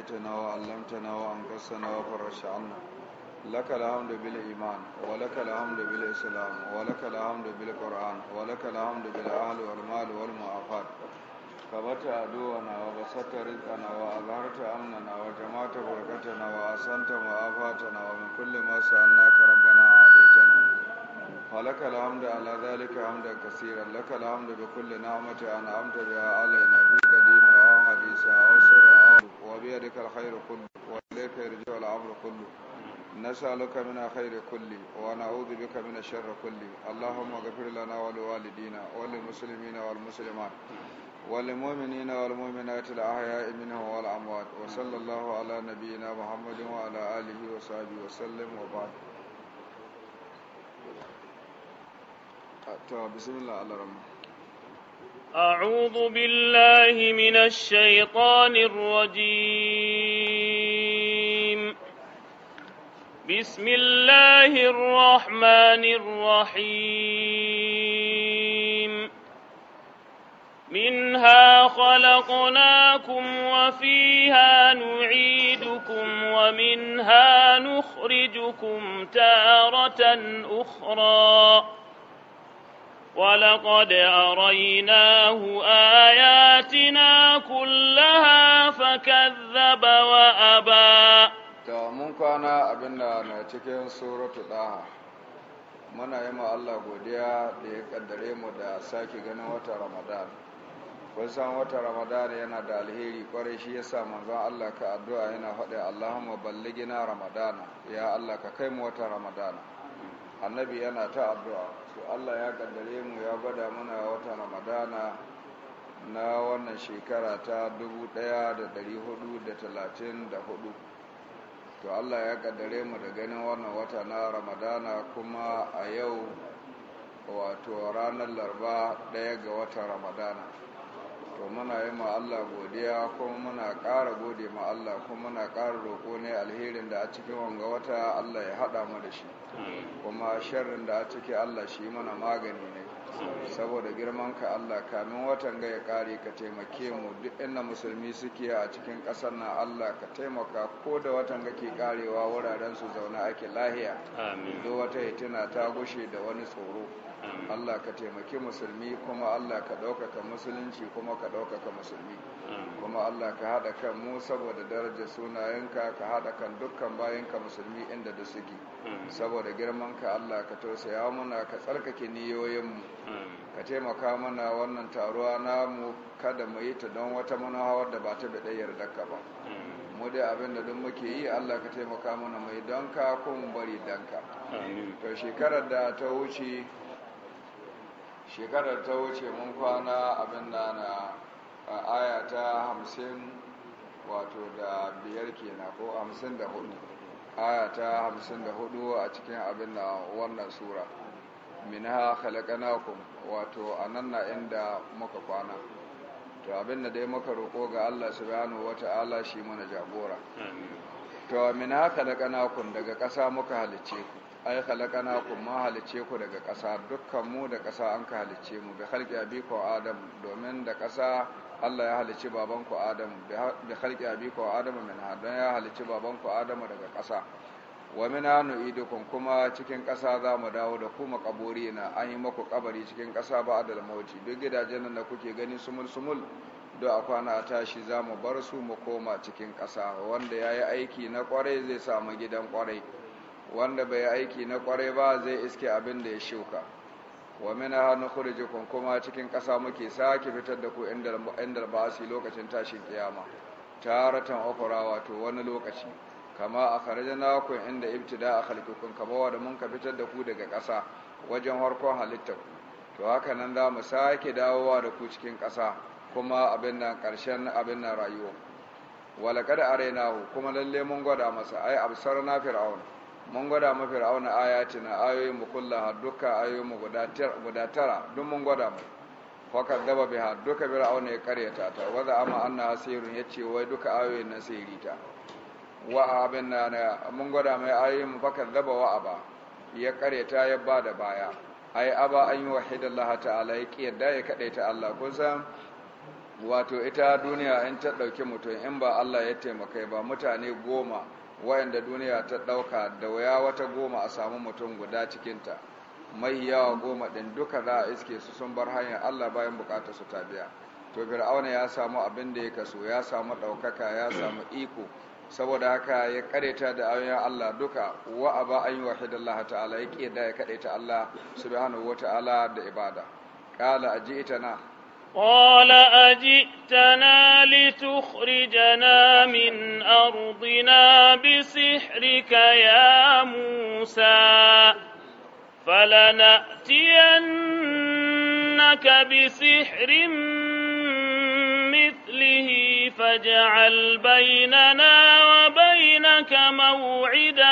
هديتنا وعلمتنا وأنقذتنا وفرجت عنا لك الحمد بالإيمان ولك الحمد بالإسلام ولك الحمد بالقرآن ولك الحمد بالأهل والمال والمعافات كبت عدونا وبسطت رزقنا وأظهرت أمننا وجمعت بركتنا وأحسنت معافاتنا ومن كل ما سألناك ربنا عاديتنا ولك الحمد على ذلك حمدا كثيرا لك الحمد بكل نعمة أنعمت بها علينا في قديمة أو حديثة أو سنة وبيدك الخير كله وإليك يرجع الأمر كله نسألك من خير كله ونعوذ بك من الشر كله اللهم اغفر لنا ولوالدينا وللمسلمين والمسلمات وللمؤمنين والمؤمنات الأحياء منهم والأموات وصلى الله على نبينا محمد وعلى آله وصحبه وسلم وبعد بسم الله الرحمن أعوذ بالله من الشيطان الرجيم بسم الله الرحمن الرحيم منها خلقناكم وفيها نعيدكم ومنها نخرجكم تارة أخرى ولقد أريناه آياتنا كلها فكذب وأبى mun kwana abinda na cikin suratu daha muna yi ma Allah godiya da ya kaddare mu da sake ganin wata ramadan kun san wata ramadan yana da alheri kwarai shi yasa manzon Allah ka addu'a yana faɗa Allahumma balligina ramadana ya Allah ka kai mu wata ramadana annabi yana ta addu'a 'To Allah ya kaddare mu ya gwada mana wata ramadana na wannan shekara ta 1434 to Allah ya kaddare mu da ganin wannan wata na ramadana kuma a yau wato ranar larba daya ga watan ramadana to muna yi ma Allah godiya kuma muna ƙara gode ma Allah kuma muna ƙara roƙo ne alherin da a cikin wanga wata Allah ya haɗa mu da shi kuma sharrin da a ciki Allah shi mana magani ne saboda girman ka Allah kamin watan ga ya kare ka taimake mu duk inda musulmi suke a cikin ƙasar na Allah ka taimaka ko da watan ga ke karewa wuraren su zauna ake lahiya duk wata ya tuna ta gushe da wani tsoro Allah ka taimaki musulmi kuma Allah ka ɗaukaka musulunci kuma ka ɗaukaka musulmi kuma Allah ka haɗa kan mu saboda darajar sunayenka ka haɗa kan dukkan bayanka musulmi inda da suke saboda ka Allah ka tausaya muna ka tsarkake niyoyinmu ka taimaka mana wannan taruwa namu kada mu yi ta don wata manahawar da ba ta bi ɗayar ka ba mu dai abin da don muke yi Allah ka taimaka mana mai danka ko bari danka to shekarar da ta wuce shekarar ta wuce mun kwana abin da na aya ta hamsin wato da biyar kenan ko hamsin da hudu aya ta hamsin da hudu a cikin abin da wannan sura minha khalaqnakum wato anan na inda muka kwana to abin da dai muka roƙo ga Allah subhanahu wata'ala shi mana jagora to minha khalaqnakum daga ƙasa muka halicce ku ai halakana ku ma halice ku daga ƙasa dukkan mu da ƙasa an ka halice mu bi halki abiku adam domin da ƙasa Allah ya halice baban ku adam bi halki abiku adam min hadan ya halice baban ku adam daga ƙasa wa min nu'idukum kuma cikin ƙasa za mu dawo da ku kaburi na an yi maku kabari cikin ƙasa ba adal mauti duk gidajen da kuke gani sumul sumul da a kwana a tashi za mu bar su mu koma cikin ƙasa wanda ya yi aiki na kwarai zai samu gidan kwarai wanda bai aiki na kwarai ba zai iske abin da ya shuka wa mina hannu kurjikun kuma cikin ƙasa muke sake fitar da ku inda ba su lokacin tashin kiyama taratan okura wato wani lokaci kama a na ku inda ibtida a halkukun kama wadda mun ka fitar da ku daga ƙasa wajen harkon halittar ku to haka nan za mu sake dawowa da ku cikin ƙasa kuma abin nan ƙarshen abin nan rayuwa walakada arenahu kuma lalle mun gwada masa ai absar na fir'aun mun gwada mafi ra'auna ayati na ayoyin mu kullaha duka ayoyin mu guda tara duk mun gwada mai gaba bi biha duka ra'auna ya karyata ta wadda amma na hasirin ya ce wai duka ayoyin na sihiri ta wa abin na mun gwada mai ayoyin mu fakar gaba wa aba ya karyata ya ba da baya ai aba an yi wahidallaha ta'ala ya kiyarda ya kadaita Allah kun san wato ita duniya in ta ɗauki mutum in ba Allah ya taimakai ba mutane goma wayanda duniya ta ɗauka da waya wata goma a samu mutum guda cikinta mai yawa goma ɗin duka za a iske su sun bar hanyar allah bayan bukatar su ta biya to fir'auna ya samu abin da ya kaso ya samu ɗaukaka ya samu iko saboda haka ya kareta da ayoyin Allah duka wa ba an yi wahid Allah ta'ala ya da ya kadaita Allah subhanahu wa ta'ala da ibada a ji ita na. قال أجئتنا لتخرجنا من أرضنا بسحرك يا موسى فلنأتينك بسحر مثله فاجعل بيننا وبينك موعدا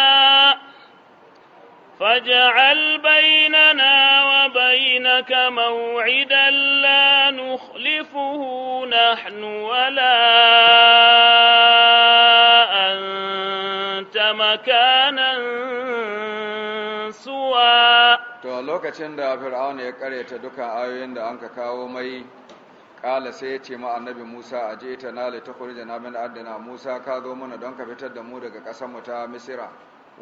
فاجعل بيننا وبينك موعدا لا نخلفه نحن ولا أنت مكانا سوى to lokacin da Fir'aun ya karyata duka ayoyin da anka kawo mai ƙala sai ya ce ma annabi Musa aje ta nale ta kurje na min adana Musa ka zo mana don ka fitar da mu daga ƙasar mu ta Misira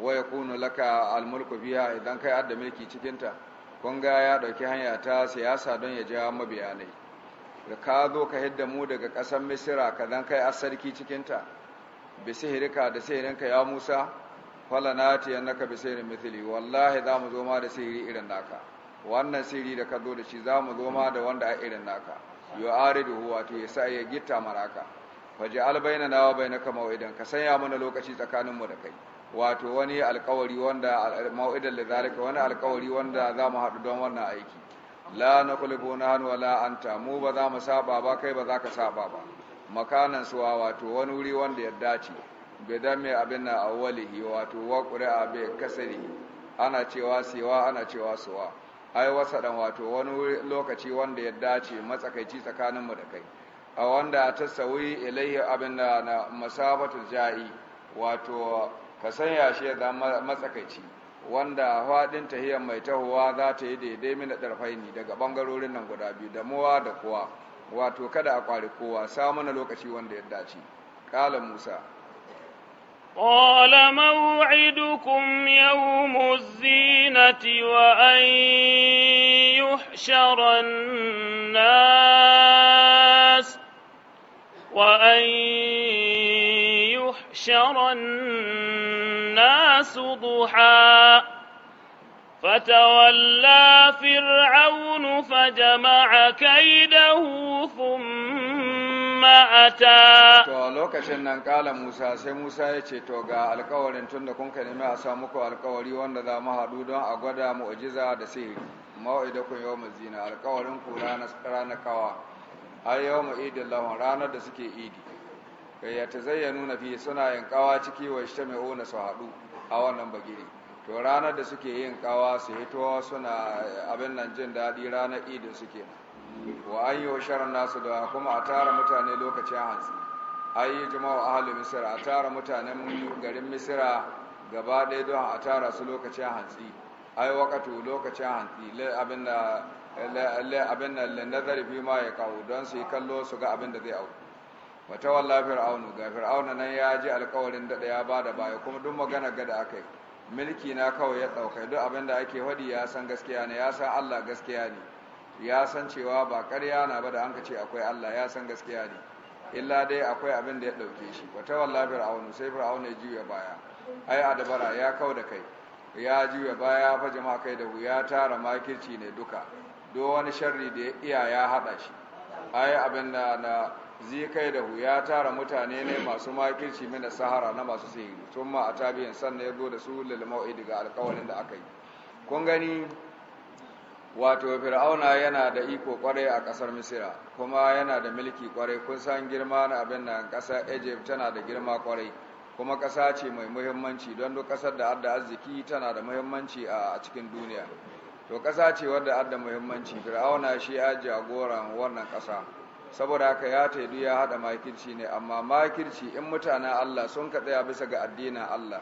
wa yakunu laka almulku biya idan kai adda mulki cikin ta ga ya dauki hanya ta siyasa don ya jawo mabiyanai Da ka zo ka hidda mu daga kasar misira ka dan kai asarki cikin ta bi sihirka da sihirinka ya musa fala annaka bi sihirin mithli wallahi za mu zo ma da sihiri irin naka wannan sihiri da ka zo da shi za mu zo ma da wanda a irin naka aridu wato ya yasa ya gitta maraka faji albaina nawa bainaka mawidan ka sanya mana lokaci tsakanin mu da kai wato wani alkawari wanda da zarika wani alkawari wanda za mu haɗu don wannan aiki la na hannu wala anta mu ba za mu saba ba kai ba za ka saba ba makanan suwa wato wani wuri wanda ya dace bidan mai abin na awwalihi wato wa a bai kasari ana cewa siwa ana cewa suwa ai wasadan wato wani lokaci wanda ya dace matsakaici tsakanin mu da kai a wanda ta sauyi ilaihi abin na masabatul ja'i wato ka sanya shi ya zama matsakaici wanda faɗin tahiyar mai tahowa za ta yi daidai mina ne daga ɓangarorin nan guda biyu da mowa da kowa wato kada a ƙwari kowa samu na lokaci wanda ya dace ƙala musa قال موعدكم wa الزينة وأن يحشر wa وأن حشر الناس ضحى فتولى فرعون فجمع كيده ثم أتى to lokacin nan kala Musa sai Musa ya ce to ga alkawarin tun da kun ka nemi a sa muku alkawari wanda za mu haɗu don a gwada mu'jiza da sihiri mau'idakun yawmul zina alkawarin ku ranar kawa ai yawmul idin lahun ranar da suke idi Eh, ya ta zayyano nuna fi suna yin kawa ciki wa ishtami'u ona su haɗu a wannan bagiri to ranar da suke yin kawa su hito suna eh, abin nan jin daɗi ranar idin suke wa an yi sharar nasu da kuma a tara mutane lokacin hantsi ayi yi jima'u ahalu misira a tara mutanen garin misira gaba ɗaya don a tara su lokacin hantsi ai wakatu lokacin hantsi abin da abin da nazari fi ma ya kawo don su yi kallo su ga abin da zai auku wata walla fir'aunu ga fir'auna nan ya ji alkawarin daɗa ya bada baya kuma duk magana gada da akai milki na kawai ya dauka duk abin da ake hadi ya san gaskiya ne ya san allah gaskiya ne ya san cewa ba ƙarya na ba da an ce akwai allah ya san gaskiya ne illa dai akwai abin da ya ɗauke shi wata walla fir'aunu sai fir'auna ya juya baya ai adabara ya kau da kai ya juya baya fa jama'a kai da ya tara makirci ne duka duk wani sharri da ya iya ya haɗa shi ai abin da na Zikai, kai da ya tara mutane ne masu makirci mina sahara na masu sihiri tun ma a tabiyan sannan ya zo da su lalmau'i daga alkawalin da aka yi kun gani wato fir'auna yana da iko kwarai a kasar misira kuma yana da milki kwarai kun san girma na abin nan kasar egypt tana da girma kwarai kuma kasa ce mai muhimmanci don duk kasar da adda arziki tana da muhimmanci a cikin duniya to kasa ce wadda adda muhimmanci fir'auna shi ya jagoran wannan kasa saboda haka ya taidu ya haɗa makirci ne amma makirci in mutanen Allah sun ka tsaya bisa ga addinin Allah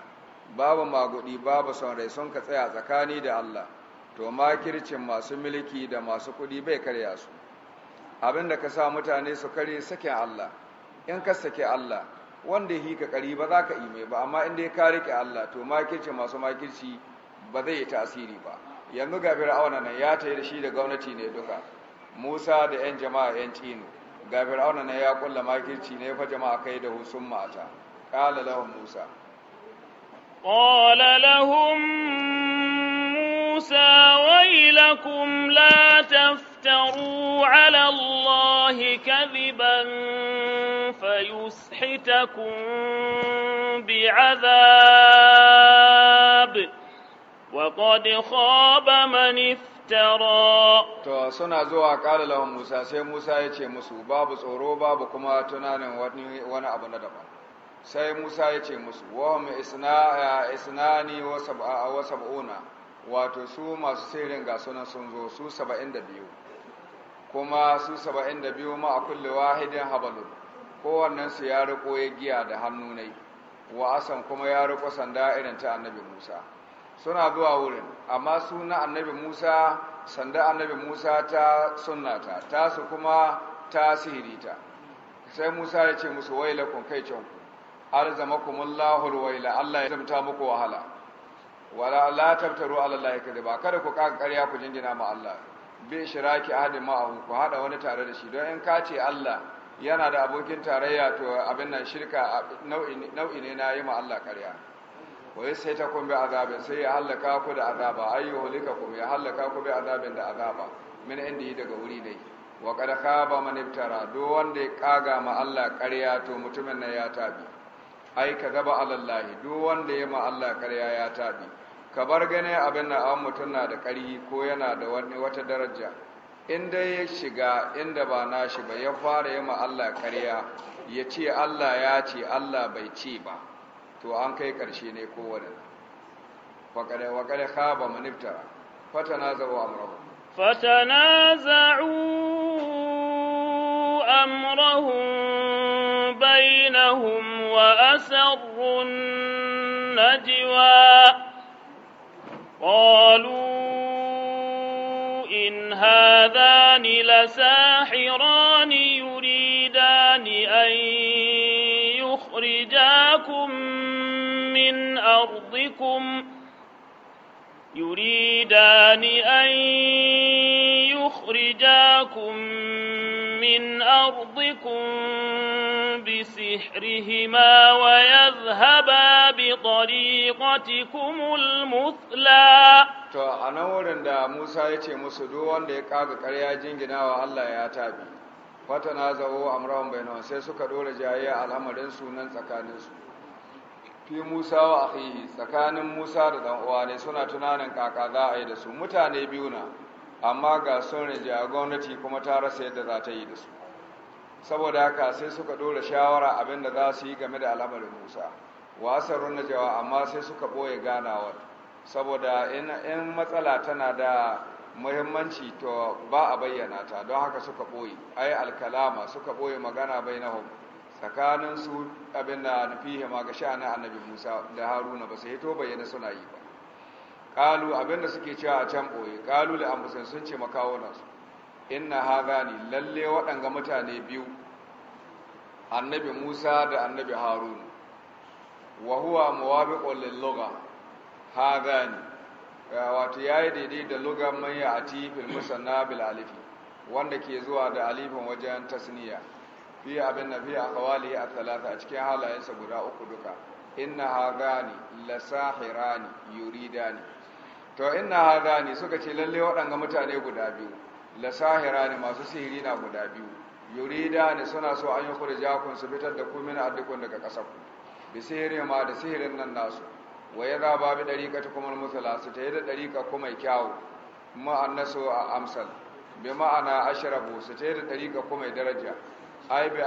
babu magudi babu son rai sun ka tsaya tsakani da Allah to makircin masu mulki da masu kuɗi bai karya su abinda ka sa mutane su kare sake Allah in ka sake Allah wanda yi ka kari ba za ka ime ba amma inda ya kare Allah to makirci masu makirci ba zai yi tasiri ba yanzu ga fir'auna nan ya tayi da shi da gwamnati ne duka musa da yan jama'a yan tino ga fir'auna na ya kulla makirci ne fa jama'a kai da husun mata qala lahum musa qala lahum musa waylakum la taftaru ala allahi kadhiban fayushitakum bi'adab وقد خاب من افترى افترى to suna zuwa kala lawan Musa sai Musa ya ce musu babu tsoro babu kuma tunanin wani wani abu na daban sai Musa ya ce musu wa hum isna isnani wa sab'a wa sab'una wato su masu sirrin ga sunan sun zo su 72 kuma su 72 ma a kulli wahidin habalun kowannen su ya riko ya giya da hannu ne wa asan kuma ya riko sanda irin ta annabi Musa suna zuwa wurin amma suna annabi musa sanda annabi musa ta sunnata su kuma ta sihirita sai musa ya ce musu waila kun kai can arzamakumullahu waila allah ya zamta muku wahala wala la tabtaru ala allahi ba kada ku kaga ƙarya ku jingina ma allah bi shiraki ahadin ma'ahu ku hada wani tare da shi don in ka ce allah yana da abokin tarayya to abin nan shirka nau'i ne na yi ma allah ƙarya sai ta kun bi azabin sai ya halaka ku da azaba ayyu hulikakum ya halaka ku bi azabin da azaba min inda daga wuri dai. wa qad khaba man iftara do wanda ya kaga ma Allah ƙarya to mutumin nan ya tabi ai ka gaba alallahi do wanda ya ma Allah ƙarya ya tabi ka bar gane abin da an mutum na da ƙarhi ko yana da wani wata daraja in dai ya shiga inda ba shi ba ya fara yi ma Allah ƙarya ya ce Allah ya ce Allah bai ce ba to an kai karshe ne kowane wakare wakare khaba manifta fatana zawo amrahu fatana za'u amrahum bainahum wa asarrun najwa qalu in hadhani lasahiran من أرضكم يريدان أن يخرجاكم من أرضكم بسحرهما ويذهبا بطريقتكم المثلى to a nan wurin da Musa ya ce musu duk wanda ya kaga ƙarya jinginawa Allah ya tabi fatana zawo amrawan bainawa sai suka dora jayayya al'amarin sunan tsakaninsu fi Musa wa akhihi tsakanin Musa da dan ne suna tunanin kaka za a yi da su mutane biyu na amma ga sun rinje a gwamnati kuma ta rasa yadda za ta yi da su saboda haka sai suka ɗora shawara abin da za su yi game da al'amarin Musa wa asarun jawa amma sai suka boye ganawar saboda in matsala tana da muhimmanci to ba a bayyana ta don haka suka boye ai alkalama suka boye magana bainahum tsakanin su abin da nufihe ma ga sha'anin annabi musa da haruna ba su hito bayyana suna yi ba ƙalu abin da suke cewa a can ɓoye ƙalu da ambusan sun ce makawunan su inna ha gani lalle waɗanga mutane biyu annabi musa da annabi haruna wahuwa mawabi ƙwallon lil ha gani wato yi daidai da lugar a a fil musanna bil alifi wanda ke zuwa da alifin wajen tasniya fiye abin na fiye a kawali a talata a cikin halayensa guda uku duka inna hadani lasahirani yuridani to inna gani suka ce lalle waɗanga mutane guda biyu lasahirani masu sihiri na guda biyu yuridani suna so an yi jakun su fitar da kumina min addikun daga ƙasar ku bi sihiri ma da sihirin nan nasu Waye za ba bi ta kuma musala su ta yi da ɗarika kuma kyawu naso a amsal bi ma'ana ashirabu su ta yi da ɗarika kuma daraja ai bi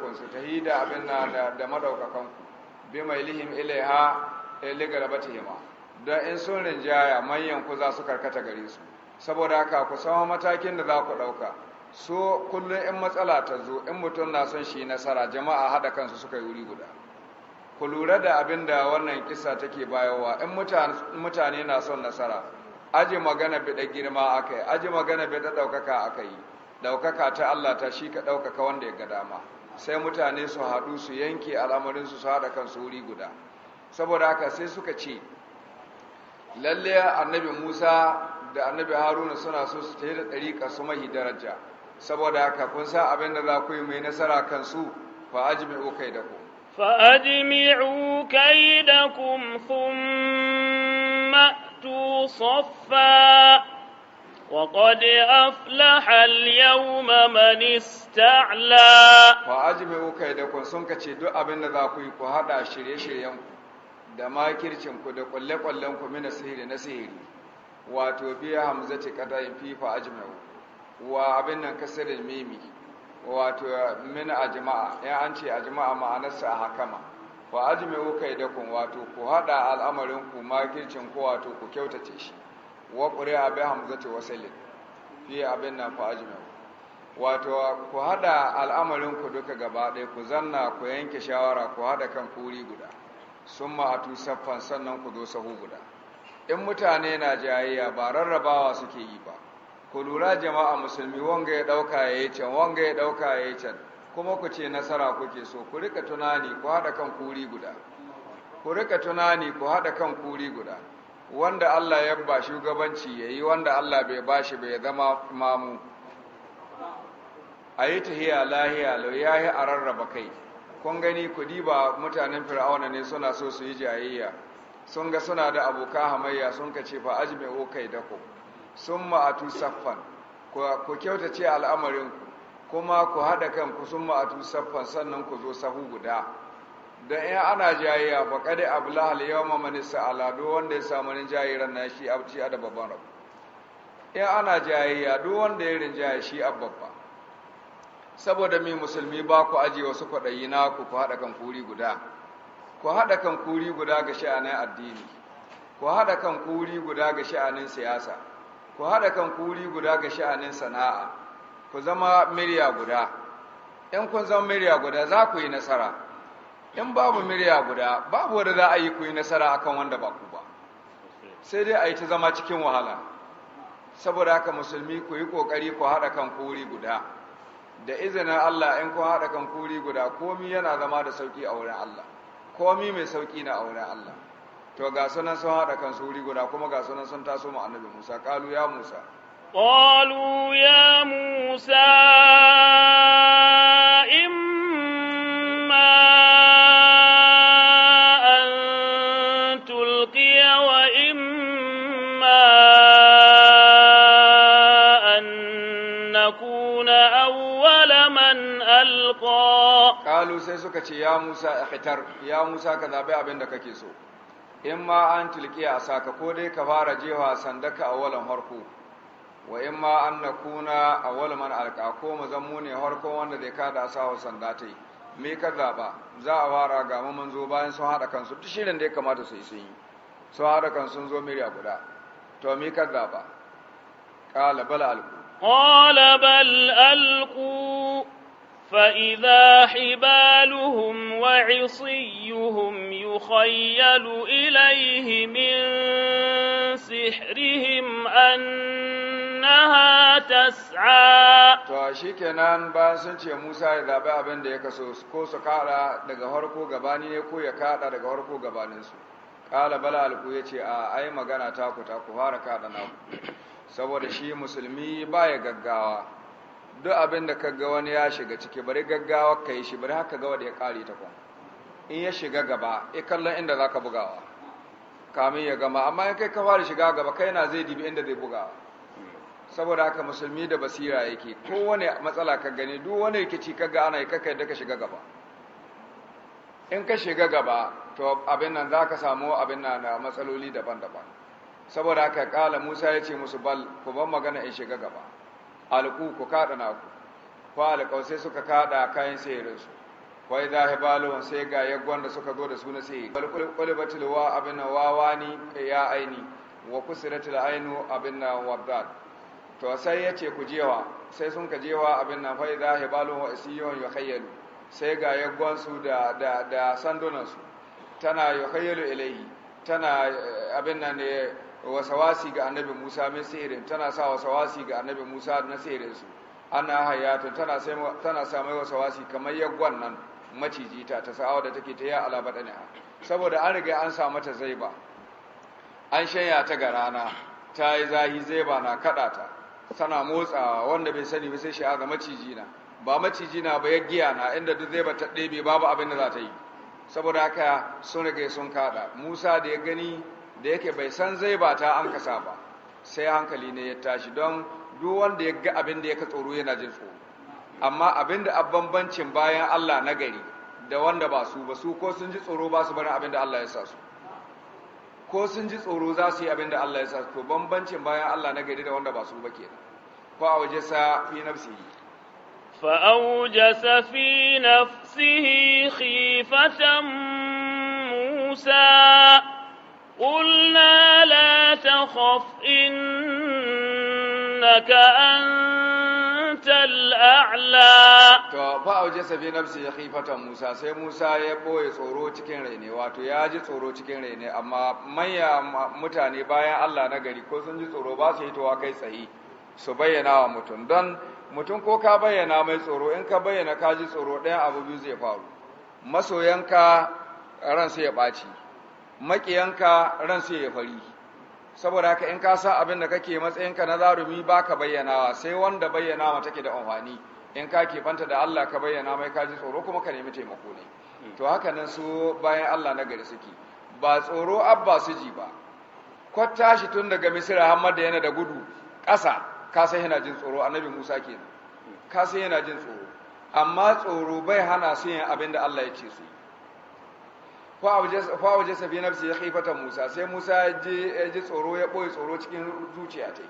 kun su tahida abin na da madaukakan ku bi lihim ilaiha e, li hima? don in sun rinjaya manyan ku za su karkata gare su saboda haka ku samu matakin da za ku dauka so kullum in matsala ta zo in mutum na son shi nasara jama'a hada kansu suka yi wuri guda ku lura da abin da wannan kisa take bayowa in mutane na son nasara aji magana bi da girma akai aji magana bi da daukaka akai ɗaukaka ta Allah ta shi ka ɗaukaka wanda ya ga dama sai mutane su haɗu su yanke al'amarin su haɗa kansu wuri guda saboda haka sai suka ce lalle annabi musa da annabi haruna suna so su tafi da ɗariƙa su mahi daraja saboda haka kun sa abin da za ku yi mai nasara kansu fa ajmi'u kai da ku فأجمعوا كيدكم kuma أتوا وقد أفلح اليوم من استعلى فأجمعوا كيدكم سنك تشدو أبن ذاكوي كهذا شري شريم da makircinku da kwalle-kwallenku mina sihiri na sihiri wato biya hamzati kada in fifa ajma'u wa abin nan kasirin mimi wato mina ajma'a ya an ce ajma'a ma'anarsa a hakama wa ajma'u kaidakum wato ku haɗa al'amarin ku makircin ku wato ku kyautace shi wa ƙuri'a bai hamzati wasalin fiye abin na fa wato ku hada al'amarin ku duka gaba ɗaya ku zanna ku yanke shawara ku hada kan kuri guda sun ma'atu saffan sannan ku zo sahu guda in mutane na jayayya ba rarrabawa suke yi ba ku lura jama'a musulmi wanga ya ɗauka ya yi can wanga ya ɗauka ya yi can kuma ku ce nasara kuke so ku rika tunani ku hada kan kuri guda ku rika tunani ku hada kan kuri guda wanda Allah ya ba shugabanci yi wanda Allah bai ba shi bai zama imamu yi tahiya lahiya lau ya yi a rarraba kai kun gani ku diba mutanen fir'auna ne suna so su yi jayayya sun ga suna da abokan hamayya sun ka ce fa ajmi o kai da ku sun ma'atu saffan ku kyauta ce al'amarin kuma ku kan kanku sun ma'atu saffan sannan ku zo sahu guda Dan in ana jayayya fa kada abla al yawma man sa'ala duk wanda ya samu rin jayiran na shi abci a da babban rabu in ana jayayya duk wanda ya rinjaya shi abbabba saboda mi musulmi ba ku aje wasu kwaɗayi na ku ku haɗa kan kuri guda ku haɗa kan kuri guda ga sha'anin addini ku haɗa kan kuri guda ga sha'anin siyasa ku haɗa kan kuri guda ga sha'anin sana'a ku zama miliya guda in kun zama miliya guda za ku yi nasara in babu murya guda babu wanda za a yi ku yi nasara akan wanda ba ku ba sai dai a yi ta zama cikin wahala saboda haka musulmi ku yi kokari ku haɗa kan kuri guda da izinin Allah in ku haɗa kan kuri guda komi yana zama da sauki a wurin Allah komi mai sauki na a wurin Allah to ga sunan sun haɗa kan suri guda kuma ga sunan sun taso mu annabi Musa kalu ya Musa qalu ya Musa qalu sai suka ce ya Musa ihtar ya Musa ka zabe abin da kake so in ma an tilqiya saka ko dai ka fara jewa sandaka awalan harko wa in ma an nakuna awwal man alqa ko mu zan ne harko wanda zai kada da sanda sandata me ka zaba za a fara ga mun zo bayan sun hada kansu duk shirin da ya kamata su yi sun yi sun hada kansu sun zo miriya guda to me ka zaba qala bal alqu qala bal alqu فإذا حبالهم وعصيهم يخيل إليه من سحرهم أنها تسعى to shikenan bayan sun ce Musa ya zaɓi abin da ya kaso ko su kaɗa daga harko gabani ne ko ya kaɗa daga harko gabaninsu ƙala bala alku ya ce a ai magana ta, ku fara kaɗa naku saboda shi musulmi baya gaggawa duk abin da kaga wani ya shiga ciki bari gaggawa ka yi shi bari haka ga wanda ya kare ta kuma in ya shiga gaba ya kallon inda za ka bugawa kamin ya gama amma in kai ka fara shiga gaba kai na zai dibi inda zai bugawa saboda haka musulmi da basira yake kowane matsala ka gani duk wani rikici ka ga ana yi kakai da ka shiga gaba in ka shiga gaba to abin nan za ka samu abin nan na matsaloli daban-daban saboda haka kala musa ya ce musu bal ku ban magana in shiga gaba alku ku kada ku fa alqaw sai suka kada kayan sayarin su wai zahibalun sai ga yaggon da suka zo da su na sai balqulbatil wa abin wawani ya aini wa kusiratil ainu abin wadat to sai yace ku jewa sai sun ka jewa abin nan fa zahibalun wa isiyun yukhayyalu sai ga yaggon su da da da sandunan su tana yukhayyalu ilayhi tana eh, abin nan ne eh, wasawasi ga annabi Musa min sihirin tana sa wasawasi ga annabi Musa na sihirin su ana hayatun tana sa mai wasawasi kamar yagwan nan maciji ta ta sa'awa da take ta ya ala badani saboda an riga an sa mata zai ba, an shanya ta ga rana ta yi zahi ba na kaɗa ta tana motsawa wanda bai sani ba sai shi ga maciji na ba maciji na ba giya na inda duk zai ba ta ɗebe babu abin da za ta yi saboda haka sun rage sun kaɗa. Musa da ya gani da yake bai san zai ba ta an kasa ba sai hankali ne ya tashi don duk wanda ya ga abin da ya ka tsoro yana jin tsoro amma abin da abambancin bayan Allah na gari da wanda ba su ba su ko sun ji tsoro ba su barin abin da Allah ya sa su ko sun ji tsoro za su yi abin da Allah ya sa su to bambancin bayan Allah na gari da wanda ba su ba ke ko a waje sa fi nafsihi فأوجس في نفسه خيفة موسى قلنا لا تخف إنك أنت الأعلى to fa auje safi nafsi ya Musa sai Musa ya boye tsoro cikin raine wato ya ji tsoro cikin raine amma manya mutane bayan Allah na gari ko sun ji tsoro ba su hitowa kai tsaye su bayyana wa mutum don mutum ko ka bayyana mai tsoro in ka bayyana ka ji tsoro ɗaya abu biyu zai faru masoyanka ransu ya ɓaci makiyanka sai ya fari saboda haka in ka sa abin da kake matsayin ka na zarumi ba ka bayyanawa sai wanda bayyana ma take da amfani in ka ke fanta da Allah ka bayyana mai ka ji tsoro kuma ka nemi taimako ne hmm. to haka nan su bayan Allah na gari suke ba tsoro abba su ji ba kwata shi tun daga misira hamada yana da gudu ƙasa ka san yana jin tsoro annabi musa kenan hmm. ka san yana jin tsoro amma tsoro bai hana su yin abin da Allah ya ce su yi fa waje safi nafsi ya haifata Musa sai Musa ya ji tsoro ya ɓoye tsoro cikin zuciya ta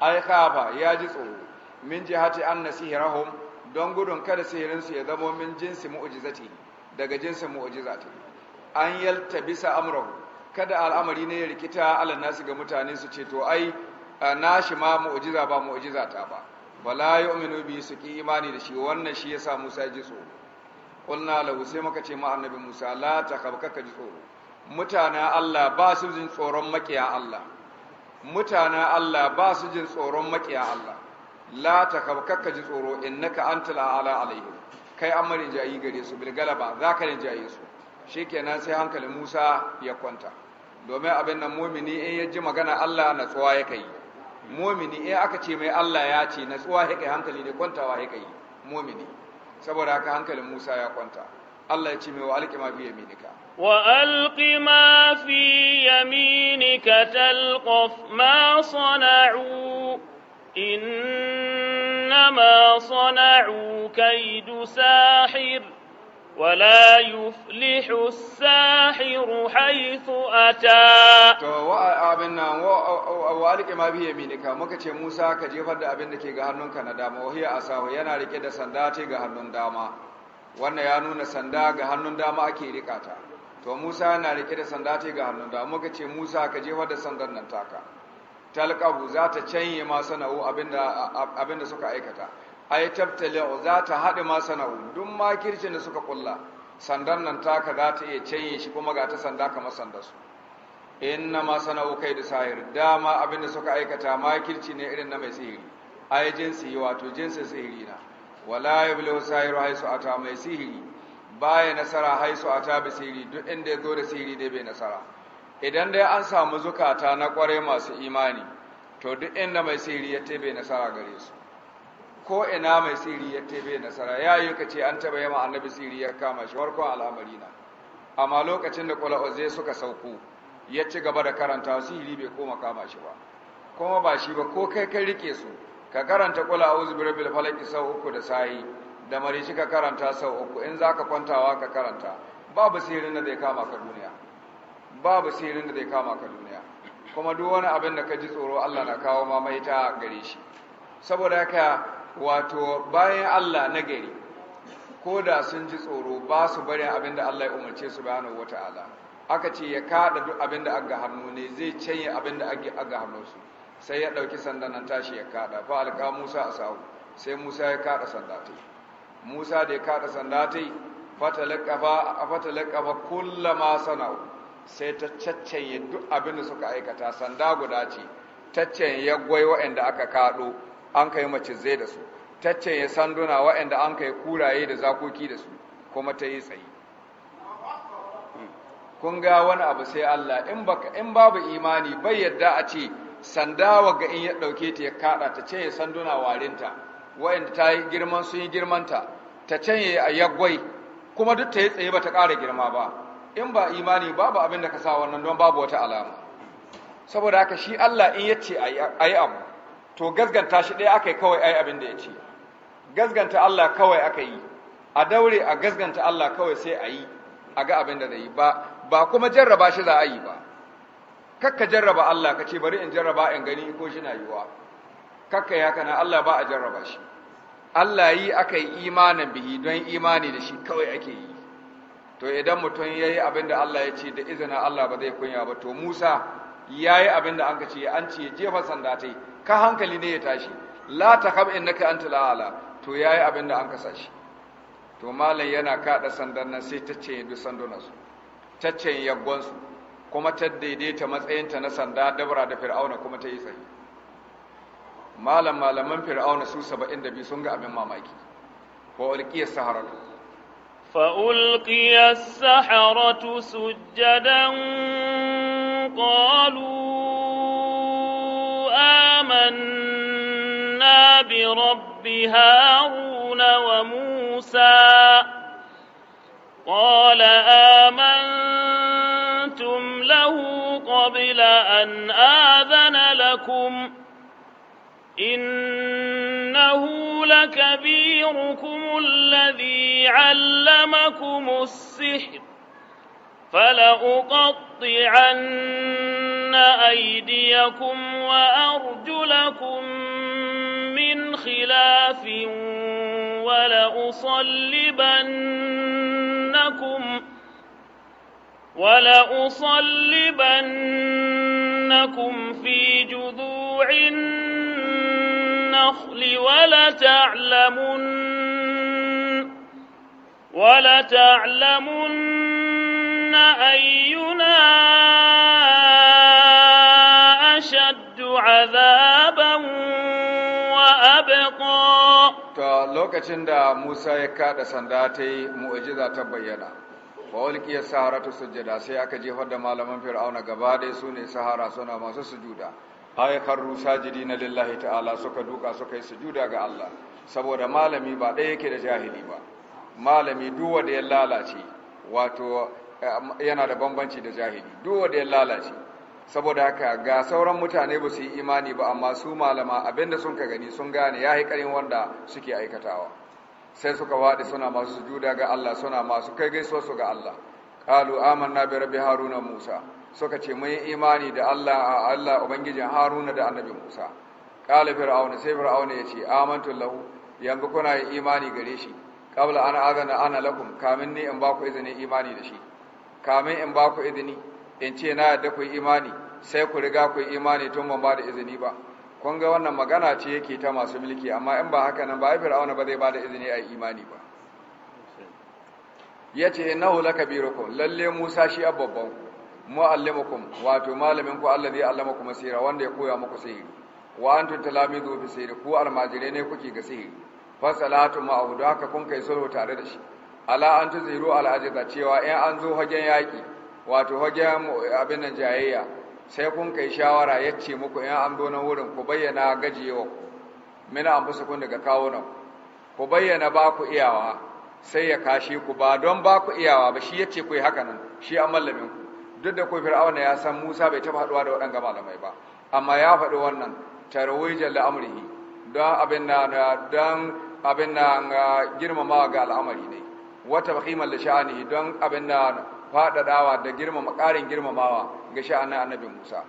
ai kafa ya ji tsoro min jihati an nasihirahum don gudun kada sihirinsu ya zamo min jinsi mu'ujizati daga jinsin mu'ujizati an yaltabisa amrahu kada al'amari ne ya rikita ala nasu ga mutane su ce to ai nashi ma mu'ujiza ba mu'ujiza ta ba bala yu'minu bi su ki imani da shi wannan shi yasa Musa ya ji tsoro qulna lahu sai maka ce ma annabi Musa la takhaf kaka ji tsoro mutanen Allah ba su jin tsoron makiya Allah mutanen Allah ba su jin tsoron makiya Allah la takhaf kaka ji tsoro innaka antal ala alaihim kai amarin jayi gare su bil galaba zaka ne jayi su shikenan sai hankalin Musa ya kwanta domin abin nan mumini in ya ji magana Allah na tsuwa ya kai mumini in aka ce mai Allah ya ce na tsuwa ya kai hankali ne kwantawa ya kai mumini saboda haka hankalin Musa ya kwanta Allah ya ce mai wa alƙi fi yaminika wa alƙi fi yaminika talqaf ma sana'u innama sana'u kaidu sahir ولا يفلح الساحر حيث أتى to wa abin nan wa alike ma biye minika muka ce Musa ka jefar da abin da ke ga hannunka na dama wahiya asahu yana rike da sanda ta ga hannun dama wannan ya nuna sanda ga hannun dama ake rika ta to Musa yana rike da sanda ta ga hannun dama muka ce Musa ka jefar da sandan nan taka talqabu za ta canye ma sana'u abin da suka aikata ai tabtali'u za ta haɗe ma duk makircin da suka kulla sandan nan taka za ta iya canye shi kuma ga ta sanda kamar sanda su na ma sana'u kai da sahir dama abinda suka aikata makirci ne irin na mai sihiri ai jinsi wato jinsin sihiri na wala yablu sahiru haisu ata mai sihiri baya nasara haisu ata bi sihiri duk inda ya zo da sihiri dai bai nasara idan dai an samu zukata na kware masu imani to duk inda mai sihiri ya tebe nasara gare su ko ina mai siri ya tebe nasara ya yi ka ce an taba yama annabi siri ya kama shi farkon al'amari na amma lokacin da zai suka sauko ya ci gaba da karanta siri bai koma kama shi ba kuma ba shi ba ko kai kai rike su ka karanta kula'uzu birbil falaki sau uku da sayi da shi ka karanta sau uku in za ka kwantawa ka karanta babu sirin da zai kama ka duniya babu sirin da zai kama ka duniya kuma duk wani abin da ka ji tsoro Allah na kawo mamaita gare shi saboda haka wato bayan Allah na gari ko da sun ji tsoro ba su bari abin da Allah ya umarce su bayanu ta'ala aka ce ya kada duk abin da aga hannu ne zai canye abin da aga hannu su sai ya ɗauki sanda nan tashi ya kada fa alka musa a sahu sai musa ya kada sanda ta musa da ya kada sanda ta fatalakafa ma sana'u sai ta caccanye duk abin da suka aikata sanda guda ce taccanye ya gwai waɗanda aka kado an kai macizai da su tacce ya sanduna waɗanda an kai kuraye da zakoki da su kuma ta yi tsayi kun ga wani abu sai Allah in babu imani bai yadda a ce sandawa ga in ya ɗauke ta ya kada ta ce ya sanduna warinta waɗanda ta yi girman sun yi girmanta ta ce ya yaggwai kuma duk ta yi tsaye ba ta ƙara girma ba in ba imani babu abin da ka sa wannan don babu wata alama saboda haka shi Allah in ya ce a yi abu to gasganta shi ɗaya aka yi kawai ai abin da ya ce gasganta Allah kawai aka yi a daure a gasganta Allah kawai sai a yi a ga abin da zai yi ba ba kuma jarraba shi za a yi ba kakka jarraba Allah ka ce bari in jarraba in gani ko shi na yiwa kakka ya kana Allah ba a jarraba shi Allah yi aka yi imanin bihi don imani da shi kawai ake yi to idan mutum ya yi abin da Allah ya ce da izina Allah ba zai kunya ba to Musa ya yi abin da an ka ce an ce jefa sanda ta yi ka hankali ne ya tashi la in naka anta a'la to yayi abin da an kasa shi to malam yana kaɗa sandan nan sai ta ce duk su ta ce yaggon su kuma ta daidaita matsayinta na sanda dabara da fir'auna kuma ta yi tsaye malam malaman fir'auna su 72 sun ga abin mamaki fa ulqiya sahara fa ulqiya sahara sujjadan qalu آمنا برب هارون وموسى قال آمنتم له قبل أن آذن لكم إنه لكبيركم الذي علمكم السحر فلأقطعن أيديكم وأرجلكم من خلاف ولأصلبنكم ولأصلبنكم في جذوع النخل ولتعلمن ولتعلمن أينا أشد عذابا وأبقى lokacin da Musa ya kaɗa sanda ta yi mu'ajiza ta bayyana fawalki sahara ta sujjada sai aka jefar da malaman fir'auna gaba ɗaya su ne sahara suna masu sujuda ay kharru na lillahi ta'ala suka duka suka yi sujuda ga Allah saboda malami ba ɗaya yake da jahili ba malami duk da ya lalace wato yana da bambanci da jahili duk wanda ya lalace saboda haka ga sauran mutane ba su yi imani ba amma su malama abinda sun ka gani sun gane ya yi karin wanda suke aikatawa sai suka waɗi suna masu sujuda ga Allah suna masu kai gaisuwa su ga Allah qalu amanna bi rabbi haruna musa suka ce mun imani da Allah Allah ubangijin haruna da annabi musa qala fir'auna sai fir'auna yace amantu lahu yanzu kuna yi imani gare shi qabla ana azana ana lakum kamin ne in ba ku izinin imani da shi kamin in ba ku izini in ce na yadda ku imani sai ku riga ku imani tun ban ba da izini ba kun ga wannan magana ce yake ta masu mulki amma in ba haka nan ba ai fir'auna ba zai ba da izini a imani ba yace innahu lakabirukum lalle Musa shi ababban muallimukum wato malamin ku allama allamakum sirra wanda ya koya muku sihiri wa antum talamizu fi ku almajire ne kuke ga sihiri fa salatu ma'udaka haka kun kai sulhu tare da shi ala an ta zero al'ajiza cewa in an zo hagen yaƙi wato hagen abin nan jayayya sai kun kai shawara ya ce muku in an zo nan wurin ku bayyana gajiyewa mina an fusa kun daga kawo nan ku bayyana ba ku iyawa sai ya kashe ku ba don ba ku iyawa ba shi ya ce ku yi haka nan shi an mallamin ku duk da ku fir'auna ya san musa bai taɓa haɗuwa da waɗanga malamai ba amma ya faɗi wannan tarwajen la'amurihi don abin na don abin na girmamawa ga al'amari ne wata bakiman da sha'ani don abin da faɗaɗawa da girmama ƙarin girmamawa ga sha'anin annabi musa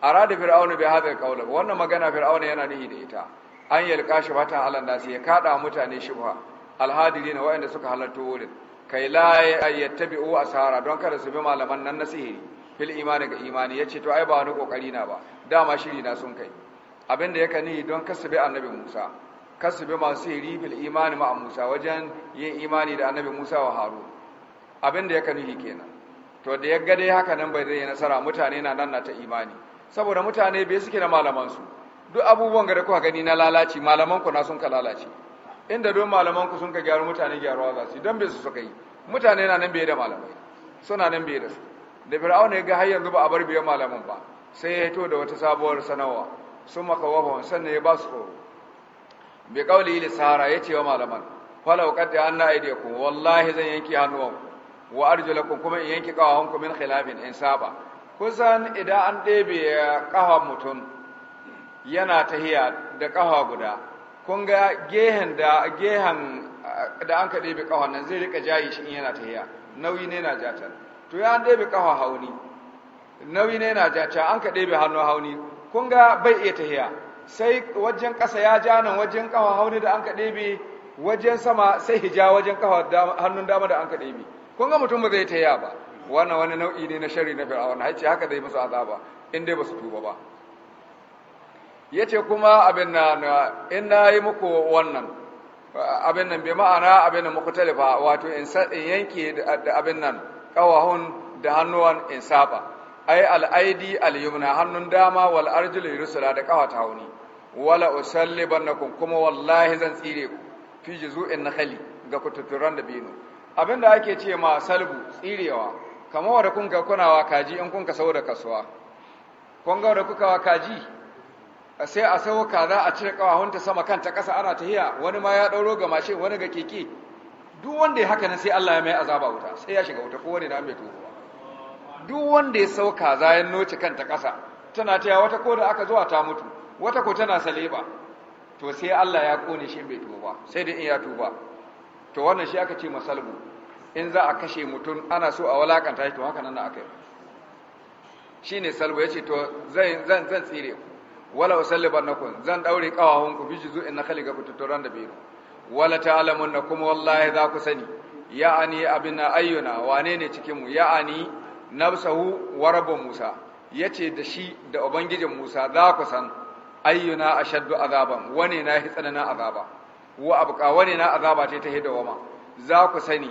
a rada fir'aunu bai haɗa kaular wannan magana fir'aunu yana nihi da ita an yi shi fatan alan nasi ya kaɗa mutane ba alhadiri na waɗanda suka halarta wurin kai la yattabi'u asara don kada su bi malaman nan na sihiri fil imani ga imani ce to ai ba wani kokari na ba dama shiri na sun kai abinda ka nihi don kasabe annabi musa kasu bi masu yi bil imani ma'a Musa wajen yin imani da annabi Musa wa Haru. Abinda ya ya yi kenan to da ya gade haka nan bai zai yi nasara mutane na nan na ta imani saboda mutane bai suke na malamansu. duk abubuwan da kuka gani na lalaci malamanku na sun ka lalace inda don malamanku sun ka gyaru mutane gyaruwa za su don bai su suka yi mutane na nan bai da malamai suna nan bai da su da fir'auna ya ga har yanzu ba a bar biyan malaman ba sai ya hito da wata sabuwar sanawa sun maka wafa sannan ya ba su tsoro bi qawli li sahara yace wa malaman falau qad anna aydiyakum wallahi zan yanki hannuwan wa arjulakum kuma in yanke kawahanku min khilafin in saba kusan idan an ɗebe kafa mutum yana tahiya da kafa guda kun ga gehen da gehen eh, da an ka ɗebe kafa nan zai rika jayi shi in yana tahiya nauyi ne na jata to ya an ɗebe kafa hauni nauyi ne na jata an ka ɗebe hannu hauni kun ga bai iya tahiya sai wajen ƙasa ya ja nan wajen ƙawa hauni da an ka ɗebe wajen sama sai hija wajen ƙawa hannun dama da an ka ɗebe kun ga mutum ba zai ta ba. wannan wani nau'i ne na shari na fir'aun har ce haka zai musu azaba in dai ba su tuba ba yace kuma abin na in na yi muku wannan abin nan bi ma'ana abin nan muku talifa wato in yanke da abin nan ƙawahun da hannuwan in saba ai aidi al-yumna hannun dama wal arjul yusra da kafa ta hauni wala usallibannakum kuma wallahi zan tsire ku fi juzu'in nakhli ga kututturan da bino abinda ake ce ma salbu tsirewa kamar wanda kun ga kunawa kaji in kun ka sau da kasuwa kun ga wanda kuka wa kaji sai a sau kaza a cire kawahunta sama kanta kasa ana tahiya wani ma ya dauro ga mashin wani ga keke duk wanda ya haka ne sai Allah ya mai azaba wuta sai ya shiga wuta ko wani da an bai tuhu duk wanda ya sauka za ya noce kanta ƙasa tana taya wata ko da aka zuwa ta mutu wata ko tana saleba to sai Allah ya kone shi bai tuba sai da in ya tuba to wannan shi aka ce masalbu in za a kashe mutum ana so a walakanta shi to haka nan aka yi ne salbu ce to zan zan zan tsire wala usallibannakum zan daure ku bi juzu'in nakhali ga kututturan da biyu wala ta'lamun kuma wallahi za ku sani ya'ani abina ayyuna wane ne cikin mu ya'ani nafsahu wa rabbu Musa yace da shi da ubangijin Musa za ku san ayyuna ashaddu azaban wane na hi tsananin azaba wa abqa wane na azaba ce ta hidawama za ku sani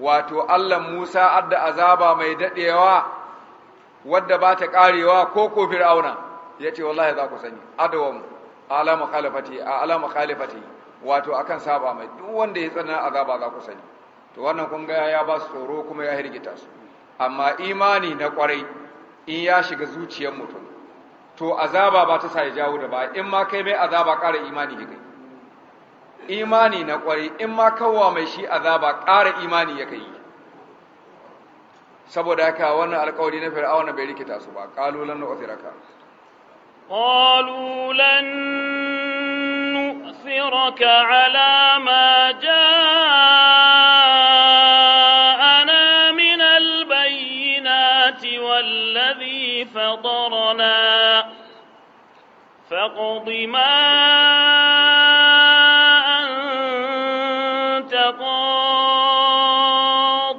wato Allah Musa adda azaba mai dadewa wadda ba ta karewa ko ko fir'auna yace wallahi za ku sani adawam ala mukhalafati ala mukhalafati wato akan saba mai duk wanda ya tsana azaba za ku sani to wannan kun ga ya ba su tsoro kuma ya hirgita su amma imani na kwarai in ya shiga zuciyar mutum to azaba ba ta sa jawo da baya in ma kai mai azaba ƙara imani ya kai imani na kwarai in ma kawwa mai shi azaba ƙara imani ya kai saboda haka wannan alƙawari na fir'auna bai rikita su ba qalu lan nu'thiraka qalu ala ma jaa فاقض ما انت قاض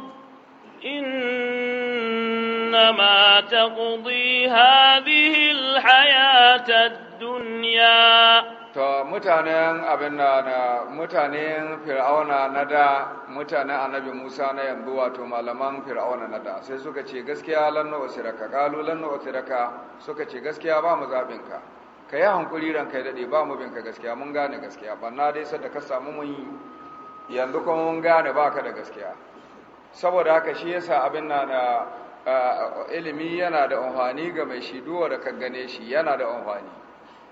انما تقضي هذه الحياه الدنيا to mutanen abin na mutanen fir'auna na da mutanen annabi musa na yanzu wato malaman fir'auna na da sai suka ce gaskiya lannu wasiraka kalu lannu wasiraka suka ce gaskiya ba mu zaɓinka ka yi hankuri ranka ya daɗe ba mu binka gaskiya mun gane gaskiya banna dai sadda ka samu mun yi yanzu kuma mun gane ba ka da gaskiya saboda haka shi yasa abin na da ilimi yana da amfani ga mai shi duwa da kan gane shi yana da amfani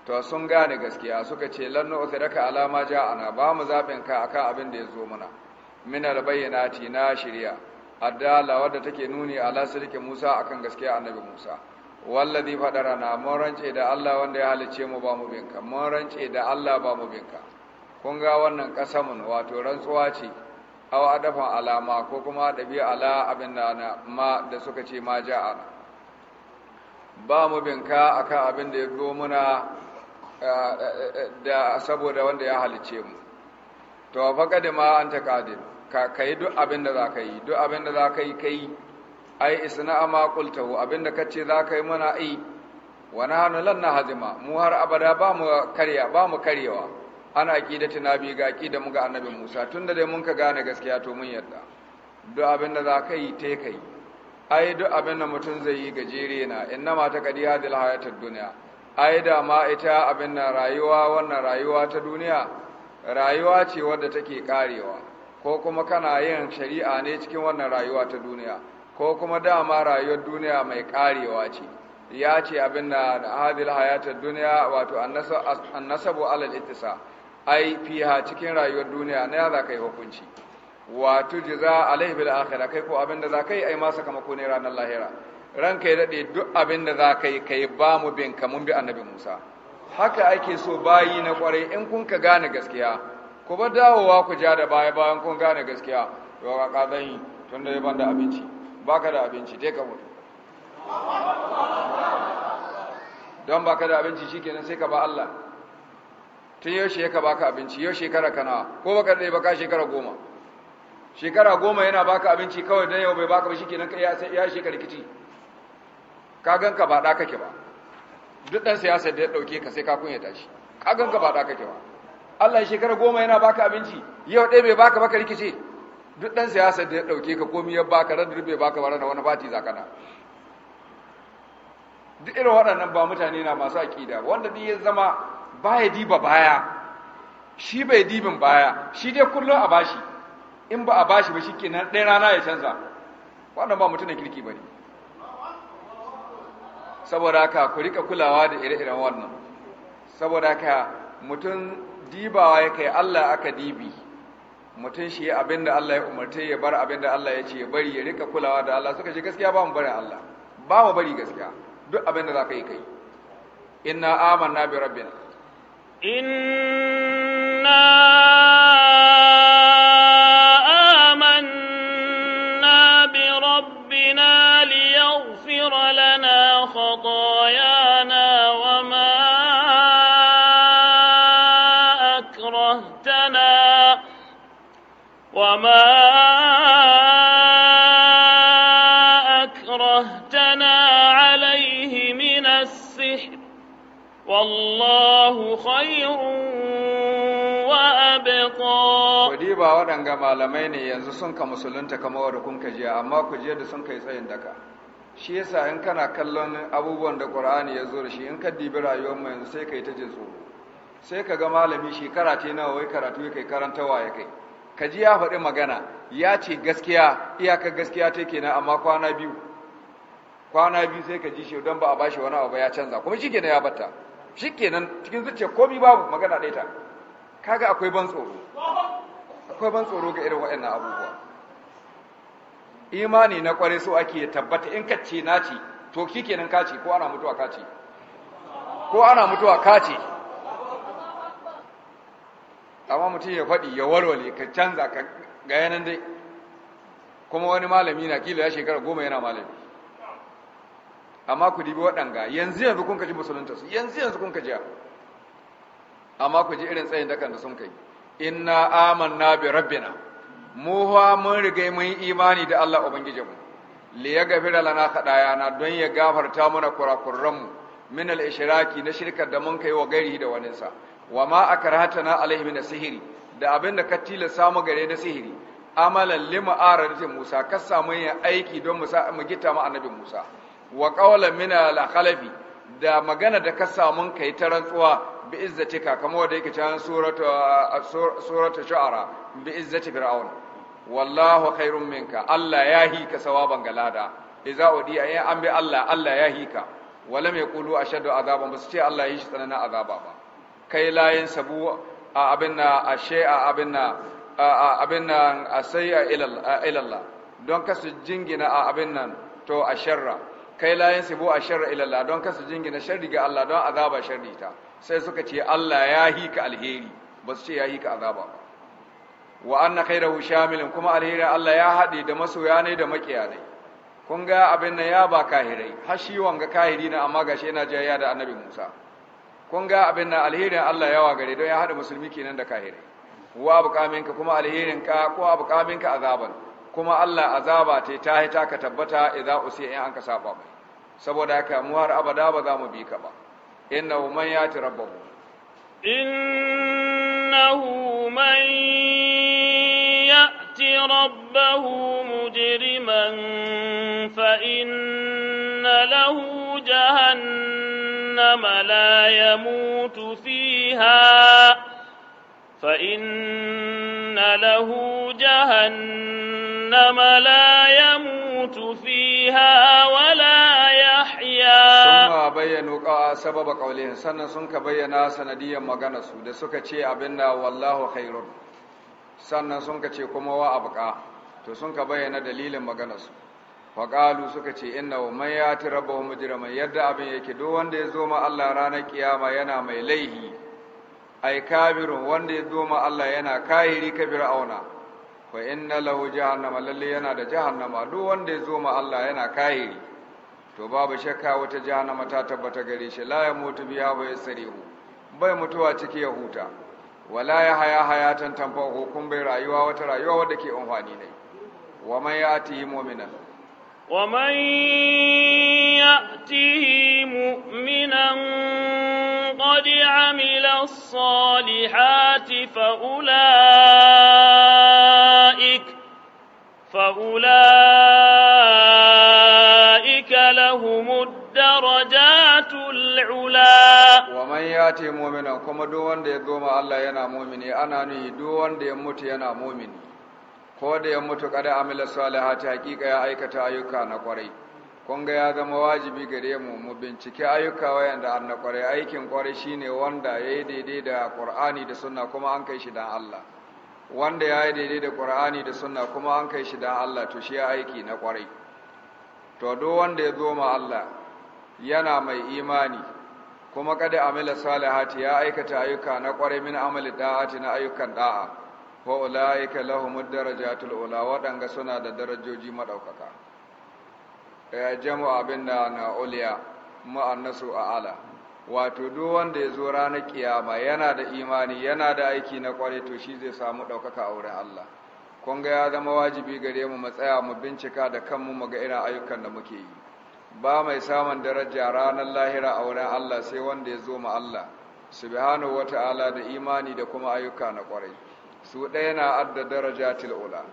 to sun gane gaskiya suka ce lannu ukhiraka alama ja'ana ba mu zaɓin ka akan abin da ya zo muna min albayyinati na shirya addala wadda take nuni ala sirki Musa akan gaskiya annabi Musa wallazi fadarana mun rance da Allah wanda ya halice mu ba mu binka mun rance da Allah ba mu binka kun ga wannan kasamun wato rantsuwa ce aw adafa alama ko kuma dabi ala abin da na ma da suka ce ma ja'a ba mu binka akan abin da ya zo muna eh, eh, eh, da saboda wanda ya halice mu to faqad ma anta qadir ka kai duk abin da za ka yi duk abin da za ka yi kai ai isna ma qultahu abinda kace ka yi mana ai wa nahnu lan nahzima mu har abada ba mu karya ba mu karyewa ana aqidati nabi ga aqida mu ga annabi Musa tunda dai mun ka gane gaskiya to mun yarda duk abinda za ka yi te kai ai duk abinda mutun zai yi gajere na inna ma taqdi hadil hayatid dunya ai da ma ita abin rayuwa wannan rayuwa ta duniya rayuwa ce wadda take karewa ko kuma kana yin shari'a ne cikin wannan rayuwa ta duniya ko kuma dama rayuwar duniya mai karewa ce ya ce abin da hadil hayatar duniya wato annasabu alal ittisa ai fiha cikin rayuwar duniya na ya za ka yi hukunci wato jiza alaihi bil akhirah kai ko abin da za ka ai masa kama ko ne ranar lahira ranka ya dade duk abin da za ka yi kai ba mu bin ka mun bi annabi Musa haka ake so bayi na kwarai in kun ka gane gaskiya ku ba dawowa ku ja da baya bayan kun gane gaskiya yau ka kadan tun da ban da abinci baka da abinci te ka mutu don baka da abinci shikenan sai ka ba Allah tun yau ya ka ka abinci yau shekara kana ko baka da ka shekara goma shekara goma yana baka abinci kawai don yau bai baka ba shikenan ka ya shekara kici ka gan ka ba da kake ba duk dan siyasa da ya dauke ka sai ka kunya tashi ka gan ka ba da kake ba Allah shekara goma yana baka abinci yau ɗaya bai baka ka rikice duk ɗan siyasar da ya ɗauke ka komi ya baka ran rube baka bara da wani bati zakana duk irin waɗannan ba mutane na masu aƙida wanda duk ya zama ba ya diba baya shi bai dibin baya shi dai kullum a bashi in ba a bashi ba shi nan ɗaya rana ya canza wannan ba mutunan kirki ba ne saboda haka ku riƙa kulawa da ire-iren wannan saboda haka mutum dibawa ya kai Allah aka dibi mutum shi ya abin da Allah ya umarta ya bar abin da Allah ya ce ya bari ya rika kulawa da Allah suka ce gaskiya ba mu bari Allah ba mu bari gaskiya duk abin da za ka yi kai inna amanna bi rabbina inna ليغفر وما أكرهتنا عليه من السحر والله خير وأبقى ودي waɗanga malamai ne yanzu sun ka musulunta kama wadda kun ka jiya amma ku jiya da sun kai tsayin daka shi yasa in kana kallon abubuwan da ƙur'ani ya zo da shi in ka dibi rayuwar mu yanzu sai kai ta jin tsoro sai ka ga malami shi ta nawa wai karatu ya kai karantawa ya kai ka ji ya faɗi magana ya ce gaskiya iyaka gaskiya ta kenan amma kwana biyu kwana biyu sai ka ji shi don ba a bashi wani abu ya canza kuma shi kenan ya batta shi kenan cikin zuciya komi babu magana ɗaya ta kaga akwai ban tsoro akwai ban tsoro ga irin waɗannan abubuwa imani na kware so ake tabbata in ka ce na ce to shi kenan ka ce ko ana mutuwa ka ce ko ana mutuwa ka ce amma mutum ya faɗi ya warware ka canza ka ga yanan dai kuma wani malami na kila ya shekara goma yana malami amma ku dibi waɗanga yanzu yanzu kun kaji musulunta su yanzu yanzu kun kaji amma ku ji irin tsayin dakan da sun kai inna amanna bi rabbina mu fa mun riga mun imani da Allah ubangijinmu li yaghfira lana na don ya gafarta mana kurakuran mu min al-ishraki na shirkar da mun kai wa gari da waninsa wa ma akrahatana alaihi min sihiri da abin da ka tilasta mu gare na sihiri amalan lima aradin Musa ka samu yin aiki don Musa mu gita mu annabi Musa wa qawla min al khalafi da magana da ka samu kai ta rantsuwa bi izzatika kamar wanda yake cikin suratu suratu shu'ara bi izzati fir'aun wallahu khairum minka Allah ya ka sawaban galada idza udi ya an bi Allah Allah ya ka wala mai kulu ashadu azaban ba su ce Allah ya yi shi tsananin azaba ba kai layin sabu a abin na a shay'a abin na abin nan a a ilalla don kasu jingina a abin nan to a sharra kai layin sabu a sharra ilalla don kasu jingina sharri ga Allah don azaba sharri ta sai suka ce Allah ya ka alheri ba su ce ya ka azaba ba wa anna khayrahu shamilin kuma alheri Allah ya haɗe da masoya ne da makiya ne kun ga abin nan ya ba kahirai har shi wanga kahiri na amma gashi yana jayya da annabi Musa kun ga abin nan alherin Allah yawa gare don ya haɗa musulmi kenan da kahirai wa abqaminka kuma alherin ka ko azaban kuma Allah azaba ta ta ka tabbata idza usi in an ka saba mai saboda haka mu har abada ba za mu bi ka ba innahu man yati rabbahu innahu man yati rabbahu mujriman fa inna lahu jahannam جهنم لا يموت فيها فإن له جهنم لا يموت فيها ولا يحيا ثم بينوا سبب قولهم سنة سنك بينا سنديا مغانسو da suka ce abinda wallahu khairun sannan sun ka ce kuma wa abuka to sun bayyana dalilin maganarsu faƙalu suka ce inna wa man ya ti rabba wa yadda abin yake do wanda ya zo ma Allah ranar kiyama yana mai laihi ai kabirun wanda ya zo ma Allah yana kahiri kabir auna fa inna lahu jahannama lalle yana da jahannama do wanda ya zo ma Allah yana kahiri to babu shakka wata jahannama ta tabbata gare shi la ya mutu biya ba ya sarihu bai mutuwa ciki ya huta wala ya haya hayatan tamfa hukum bai rayuwa wata rayuwa wadda ke amfani ne wa man ya mu'minan ومن يأته مؤمنا قد عمل الصالحات فأولئك فأولئك لهم الدرجات العلا ومن يأتي مؤمنا كما دو وند يغوما الله ينا مؤمني أنا ني دو وند يموت ينا مؤمني ko da ya mutu kada amila salihati hakika ya aikata ayyuka na kwarai kun ga ya zama wajibi gare mu mu bincike ayyuka wayanda an na kwarai aikin kwarai shine wanda ya yi daidai da Qur'ani da Sunna kuma an kai shi dan Allah wanda ya yi daidai da Qur'ani da Sunna kuma an kai shi dan Allah to shi aiki na kwarai to do wanda ya zo ma Allah yana mai imani kuma kada amila salihati ya aikata ayyuka na kwarai min amali da'ati na ayyukan da'a wa ulaika lahumud darajatul ula waɗanga suna da darajoji madaukaka ya abin abinda na uliya ma'annasu a'ala wato duk wanda ya zo ranar kiyama yana da imani yana da aiki na kware to shi zai samu ɗaukaka a wurin Allah kun ga ya zama wajibi gare mu mu mu bincika da kanmu mu ga irin ayyukan da muke yi ba mai samun daraja ranar lahira a wurin Allah sai wanda ya zo ma Allah subhanahu wata'ala da imani da kuma ayyuka na kwarai su ɗaya na adda daraja ula.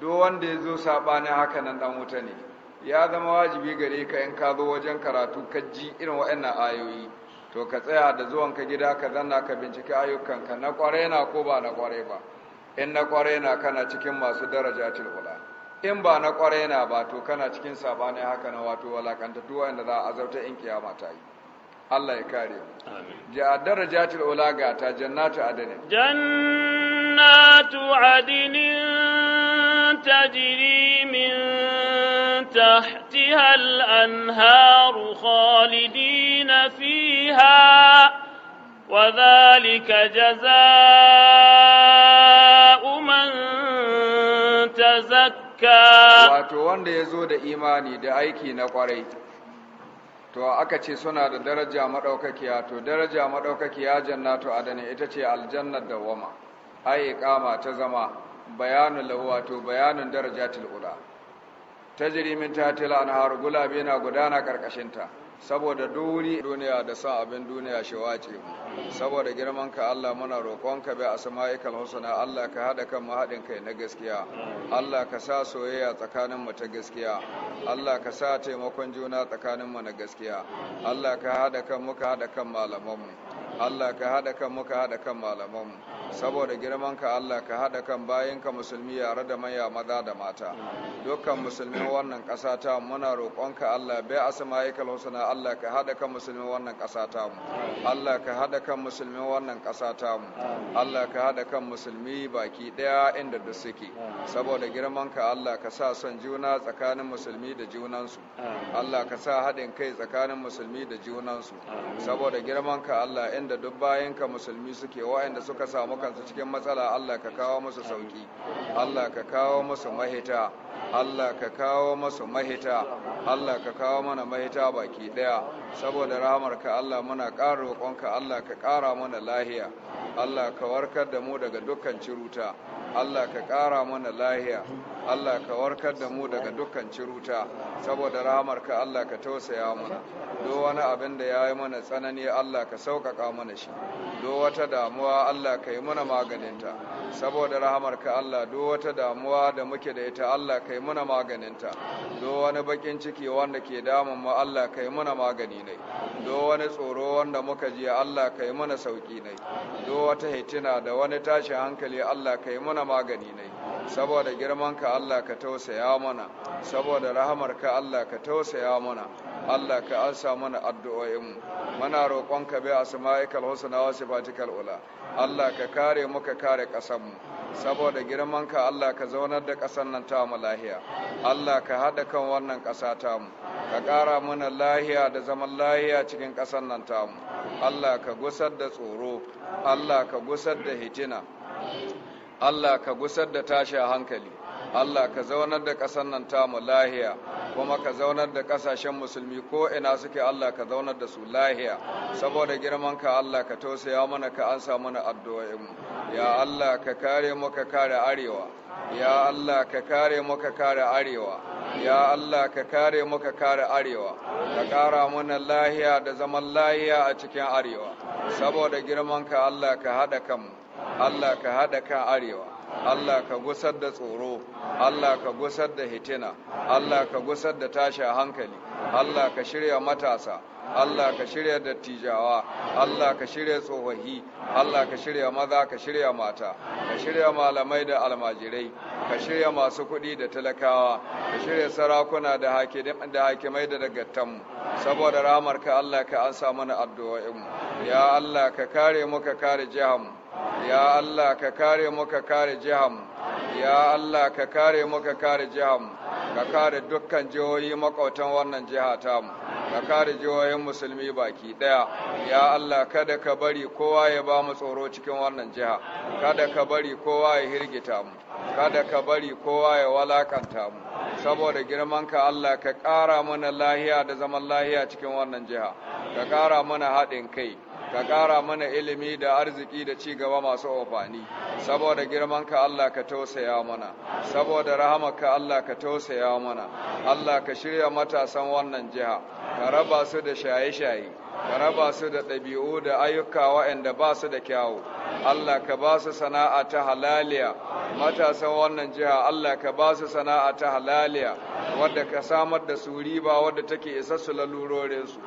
duk wanda ya zo saɓanin haka nan ɗan wuta ne ya zama wajibi gare ka in ka zo wajen karatu ka ji irin waɗannan ayoyi to ka tsaya da zuwan ka gida ka zanna ka binciki ayyukan ka na kware na ko ba na ƙwarai ba in na kware na kana cikin masu daraja ula. in ba na kware na ba to kana cikin saɓanin haka na wato duk wanda za a azauta in kiyama ta yi Allah ya kare Amin. Ja darajatul ula ga ta jannatu adani. Jann جنات عدن تجري من تحتها الأنهار خالدين فيها وذلك جزاء من تزكى wato wanda ya zo da imani da aiki na kwarai to aka ce suna da daraja madaukakiya to daraja madaukakiya jannatu adani ita ce aljannar dawama ayi kama ta zama bayanun lahu wato bayanun darajatul ula tajri min tahtil anhar gulabe na gudana karkashin ta saboda duri duniya da sa abin duniya shi wace saboda girman ka Allah muna roƙon ka bi asma'ikal husna Allah ka hada kan mu hadin kai na gaskiya Allah ka sa soyayya tsakanin mu ta gaskiya Allah ka sa taimakon juna tsakanin mu na gaskiya Allah ka hada kan mu ka hada kan malaman mu Allah ka hada kan mu ka hada kan malaman mu saboda girman ka Allah ka haɗa kan bayan ka musulmi yare da maya maza da mata dukkan musulmin wannan kasa ta muna roƙon ka Allah bai yake husna Allah ka haɗa kan musulmin wannan kasa ta mu Allah ka haɗa kan musulmin wannan kasa ta mu Allah ka haɗa kan musulmi baki ɗaya inda da suke saboda girman ka Allah ka sa son juna tsakanin musulmi da su Allah ka sa haɗin kai tsakanin musulmi da su saboda girman ka Allah inda duk bayan ka musulmi suke wa'anda suka samu kansu cikin matsala Allah ka kawo masu sauki Allah ka kawo musu mahita Allah ka kawo musu mahita Allah ka kawo mana mahita baki daya saboda rahamarka Allah muna ƙara roƙonka Allah ka ƙara mana lahiya Allah ka warkar da mu daga dukkan ciruta Allah ka ƙara mana lahiya Allah ka warkar da mu daga dukkan ciruta saboda ka, Allah ka tausaya mana do wani abin da ya yi mana tsanani Allah ka sauƙaƙa mana shi do wata damuwa Allah ka yi mana maganinta saboda ka, Allah do wata damuwa da muke da ita Allah ka yi mana maganinta do wani bakin ciki wanda ke damun mu Allah ka yi mana magani ne do wani tsoro wanda muka ji Allah ka yi mana sauki ne do wata hitina da wani tashin hankali Allah ka yi mana magani ne saboda girmanka Allah ka tausaya mana saboda rahamarka Allah ka tausaya mana Allah ka ansa mana addu'o'in mu. muna roƙonka bi asma'ikal husna wa sifatikal ula Allah ka kare mu ka kare mu. saboda girmanka Allah ka zaunar da ƙasar nan ta mu lahiya Allah ka haɗa kan wannan ƙasa ta mu ka ƙara mana lahiya da zaman lahiya cikin ƙasar nan ta mu Allah ka gusar da tsoro Allah ka gusar da hijina. Allah ka gusar da tashi a hankali Allah ka zaunar da ƙasar nan tamu lahiya kuma ka zaunar da ƙasashen musulmi ko ina suke Allah ka zaunar da su lahiya saboda girman ka Allah ka tausaya mana ka ansa mana addu'o'inmu ya Allah ka kare mu ka kare arewa ya Allah ka kare mu ka kare arewa ya Allah ka kare mu ka kare arewa ka kara mana lahiya da zaman lahiya a cikin arewa saboda girman ka Allah ka hada kanmu Allah ka haɗa ka arewa Allah ka gusar da tsoro Allah ka gusar da hitina Allah ka gusar da tashin hankali Allah ka shirya matasa Allah ka shirya dattijawa Allah ka shirya tsofaffi Allah ka shirya maza ka shirya mata ka shirya malamai da almajirai ka shirya masu kuɗi da talakawa ka shirya sarakuna da hakimai da dagattanmu saboda ramarka Allah ka an sa mana addu'o'inmu ya Allah ka kare mu ka kare jihanmu ya Allah ka kare mu ka kare jiham ya Allah ka kare mu ka kare jiham ka kare dukkan jihohi makautan wannan jiha ta mu. ka kare jihohin musulmi baki daya ya Allah kada ka bari kowa ya ba mu tsoro cikin wannan jiha kada ka bari kowa ya hirgita mu kada ka bari kowa ya walakanta mu saboda girman ka Allah ka ƙara mana lahiya da zaman lahiya cikin wannan jiha ka kara mana haɗin kai ka ƙara mana ilimi da arziki da ci gaba masu amfani saboda girmanka Allah ka tausaya mana saboda rahamarka Allah ka tausaya mana Allah ka shirya matasan wannan jiha ka raba su da shaye-shaye ka raba su da ɗabi'u da ayyuka waɗanda ba su da kyawu Allah ka ba su sana'a ta halaliya matasan wannan jiha Allah ka ba su sana'a ta halaliya wadda ka samar da su riba wadda take isa su lalurorinsu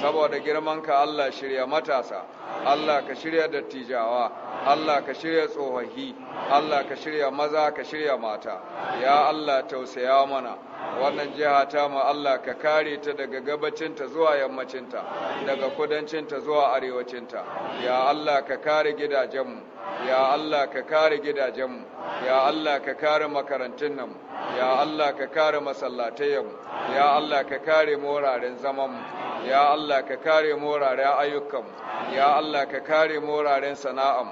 saboda girman ka Allah shirya matasa Allah ka shirya dattijawa Allah ka shirya tsohahi Allah ka shirya maza ka shirya mata ya Allah tausaya mana wannan jiha ta mu Allah ka kare ta daga gabacinta zuwa yammacinta daga kudancinta zuwa arewacinta ya Allah ka kare gidajenmu ya Allah ka kare gidajenmu ya Allah ka kare makarantun nan ya Allah ka kare masallatayenmu ya Allah ka kare moraren zamanmu ya Allah ka kare moraren ayyukanmu ya Allah ka kare moraren sana'am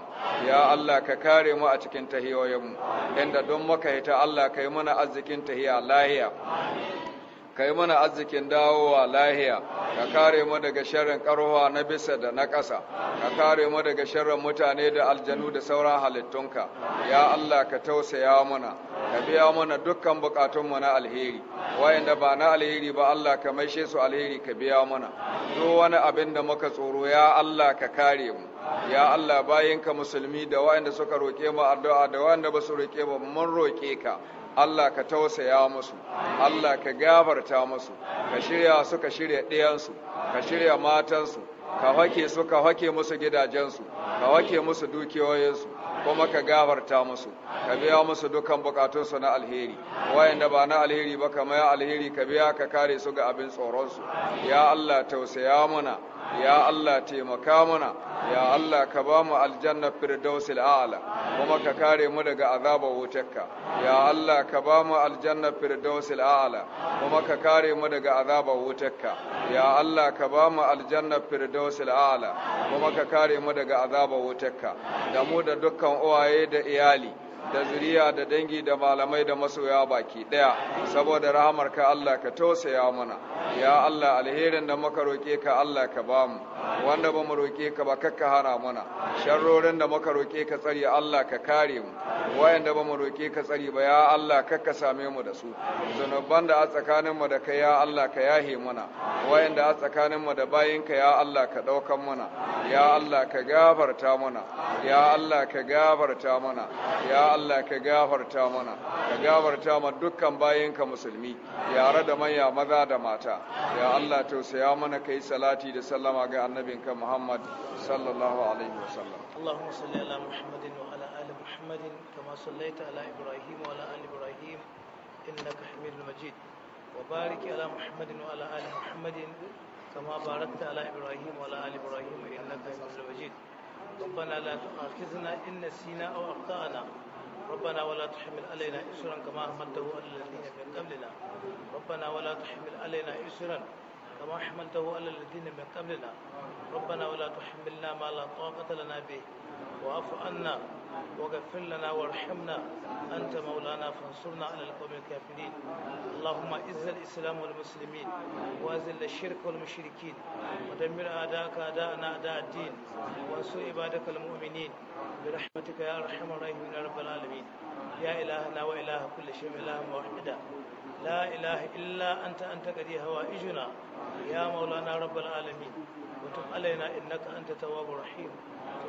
ya Allah ka kare mu a cikin tahiyoyinmu inda don muka yi ta Allah ka yi mana arzikin tahiya lahiya ka yi mana arzikin dawowa lahiya ka kare mu daga sharrin karuwa na bisa da na ƙasa ka kare mu daga sharrin mutane da aljanu da sauran halittunka ya Allah ka tausaya mana ka biya mana dukkan bukatunmu na alheri wayanda ba na alheri ba Allah ka maishe su alheri ka biya mana duk wani abin da muka tsoro ya Allah ka kare mu ya Allah bayinka musulmi da wayanda suka roke mu addu'a da wayanda ba su roke ba mun roke ka Allah ka tausaya musu Allah ka gabarta musu ka shirya su ka shirya ɗiyansu ka shirya matansu ka hake su ka hake musu gidajensu ka hake musu dukiyoyinsu kuma ka gafarta musu ka biya musu dukan bukatunsu na alheri wayanda ba na alheri ba ka maya alheri ka biya ka kare su ga abin tsoronsu ya Allah tausaya mana ya Allah taimaka mana ya Allah ka ba mu aljanna firdausil a'la kuma ka kare mu daga azabar wutarka ya Allah ka ba mu aljanna firdausil a'la kuma ka kare mu daga azabar wutarka ya Allah ka ba mu aljanna firdausil a'la kuma ka kare mu daga azabar wutarka da mu da dukkan uwaye da iyali da zuriya da dangi da malamai da masoya baki daya saboda rahamar ka Allah ka tausaya mana ya Allah alherin da muka roke ka Allah ka bamu wanda ba mu roke ka ba kakka hana mana sharrorin da muka roke ka tsari Allah ka kare mu wayanda ba mu roke ka tsari ba ya Allah kakka same mu da su zanuban da a tsakanin mu da kai ya Allah ka yahe mana wayanda a tsakanin mu da bayin ka ya Allah ka daukan mana ya Allah ka gafarta mana ya Allah ka gafarta mana ya Allah ka gafarta mana ka gafarta ma dukkan bayanka musulmi yare da manya maza da mata ya Allah tausaya mana kai salati da sallama ga annabinka Muhammad sallallahu alaihi wasallam Allahumma salli ala Muhammadin wa ala ali Muhammadin kama sallaita ala Ibrahim wa ala ali Ibrahim innaka Hamidul Majid wa barik ala Muhammadin wa ala ali Muhammadin كما باركت على إبراهيم وعلى آل إبراهيم إنك حميد مجيد ربنا لا تؤاخذنا إن نسينا أو أخطأنا ربنا ولا تحمل علينا إسرا كما حملته على الذين من قبلنا ربنا ولا تحمل علينا إسرا كما حملته على الذين من قبلنا ربنا ولا تحملنا ما لا طاقة لنا به واعف عنا واغفر لنا وارحمنا أنت مولانا فانصرنا على القوم الكافرين اللهم إز الإسلام والمسلمين وأذل الشرك والمشركين ودمر أعداءك أعداءنا أعداء الدين وانصر عبادك المؤمنين برحمتك يا أرحم الراحمين يا رب العالمين يا إلهنا وإله كل شيء إله واحدا لا إله إلا أنت أنت قدي هوائجنا يا مولانا رب العالمين وتب علينا إنك أنت تواب رحيم